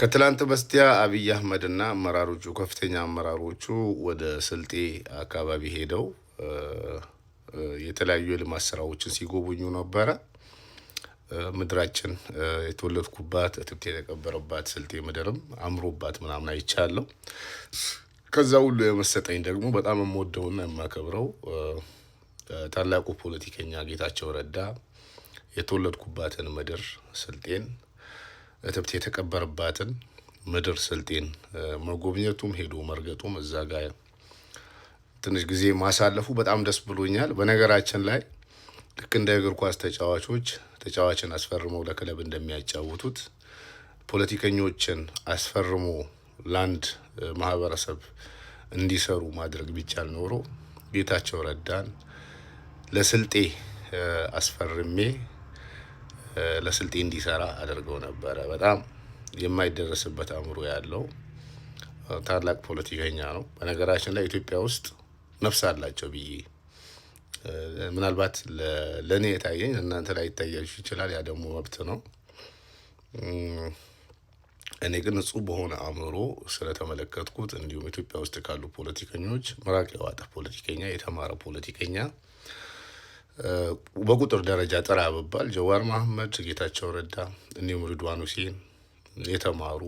ከትላንት በስቲያ አብይ አህመድና አመራሮቹ ከፍተኛ አመራሮቹ ወደ ስልጤ አካባቢ ሄደው የተለያዩ የልማት ስራዎችን ሲጎበኙ ነበረ። ምድራችን የተወለድኩባት እትብት የተቀበረባት ስልጤ ምድርም አምሮባት ምናምን አይቻለሁ። ከዛ ሁሉ የመሰጠኝ ደግሞ በጣም የምወደውና የማከብረው ታላቁ ፖለቲከኛ ጌታቸው ረዳ የተወለድኩባትን ምድር ስልጤን እትብት የተቀበረባትን ምድር ስልጤን መጎብኘቱም ሄዶ መርገጡም እዛ ጋር ትንሽ ጊዜ ማሳለፉ በጣም ደስ ብሎኛል። በነገራችን ላይ ልክ እንደ እግር ኳስ ተጫዋቾች ተጫዋችን አስፈርመው ለክለብ እንደሚያጫውቱት ፖለቲከኞችን አስፈርሞ ለአንድ ማህበረሰብ እንዲሰሩ ማድረግ ቢቻል ኖሮ ጌታቸው ረዳን ለስልጤ አስፈርሜ ለስልጤ እንዲሰራ አድርገው ነበረ። በጣም የማይደረስበት አእምሮ ያለው ታላቅ ፖለቲከኛ ነው። በነገራችን ላይ ኢትዮጵያ ውስጥ ነፍስ አላቸው ብዬ ምናልባት ለእኔ የታየኝ እናንተ ላይ ይታያችሁ ይችላል። ያ ደግሞ መብት ነው። እኔ ግን ንጹህ በሆነ አእምሮ ስለተመለከትኩት እንዲሁም ኢትዮጵያ ውስጥ ካሉ ፖለቲከኞች ምራቅ የዋጠ ፖለቲከኛ፣ የተማረ ፖለቲከኛ በቁጥር ደረጃ ጥራ ብባል ጀዋር መሐመድ፣ ጌታቸው ረዳ፣ እንዲሁም ሪድዋን ሁሴን የተማሩ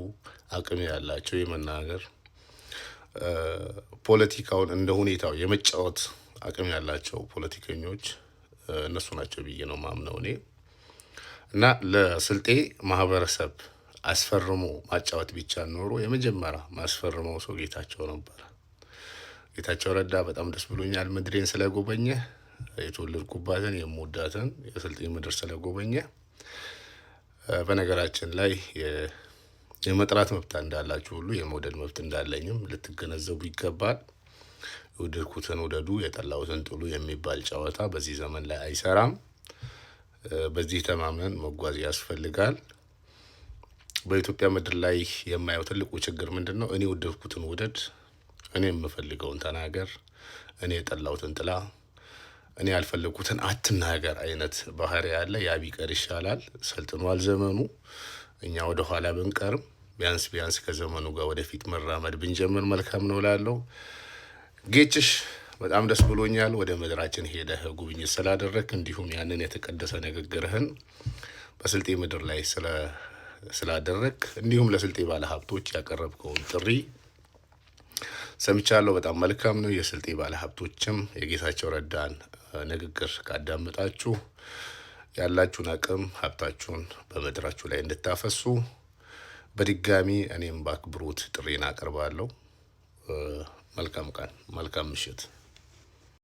አቅም ያላቸው የመናገር ፖለቲካውን እንደ ሁኔታው የመጫወት አቅም ያላቸው ፖለቲከኞች እነሱ ናቸው ብዬ ነው ማምነው እኔ እና ለስልጤ ማህበረሰብ አስፈርሞ ማጫወት ብቻ ኖሮ የመጀመሪያ ማስፈርመው ሰው ጌታቸው ነበረ። ጌታቸው ረዳ በጣም ደስ ብሎኛል ምድሬን ስለጎበኘህ የተወለድኩባትን የምወዳትን የስልጤ ምድር ስለጎበኘ በነገራችን ላይ የመጥራት መብት እንዳላችሁ ሁሉ የመውደድ መብት እንዳለኝም ልትገነዘቡ ይገባል። የወደድኩትን ውደዱ፣ የጠላሁትን ጥሉ የሚባል ጨዋታ በዚህ ዘመን ላይ አይሰራም። በዚህ ተማምነን መጓዝ ያስፈልጋል። በኢትዮጵያ ምድር ላይ የማየው ትልቁ ችግር ምንድን ነው? እኔ የወደድኩትን ውደድ፣ እኔ የምፈልገውን ተናገር፣ እኔ የጠላሁትን ጥላ እኔ ያልፈለግኩትን አትናገር አይነት ባህሪ ያለ ያ ቢቀር ይሻላል። ሰልጥኗል ዘመኑ። እኛ ወደኋላ ብንቀርም ቢያንስ ቢያንስ ከዘመኑ ጋር ወደፊት መራመድ ብንጀምር መልካም ነው ላለው ጌችሽ በጣም ደስ ብሎኛል። ወደ ምድራችን ሄደህ ጉብኝት ስላደረግ፣ እንዲሁም ያንን የተቀደሰ ንግግርህን በስልጤ ምድር ላይ ስላደረግ እንዲሁም ለስልጤ ባለሀብቶች ያቀረብከውን ጥሪ ሰምቻለሁ። በጣም መልካም ነው። የስልጤ ባለሀብቶችም የጌታቸው ረዳን ንግግር ካዳመጣችሁ ያላችሁን አቅም ሀብታችሁን በምድራችሁ ላይ እንድታፈሱ በድጋሚ እኔም በአክብሮት ጥሪን አቀርባለሁ። መልካም ቀን፣ መልካም ምሽት።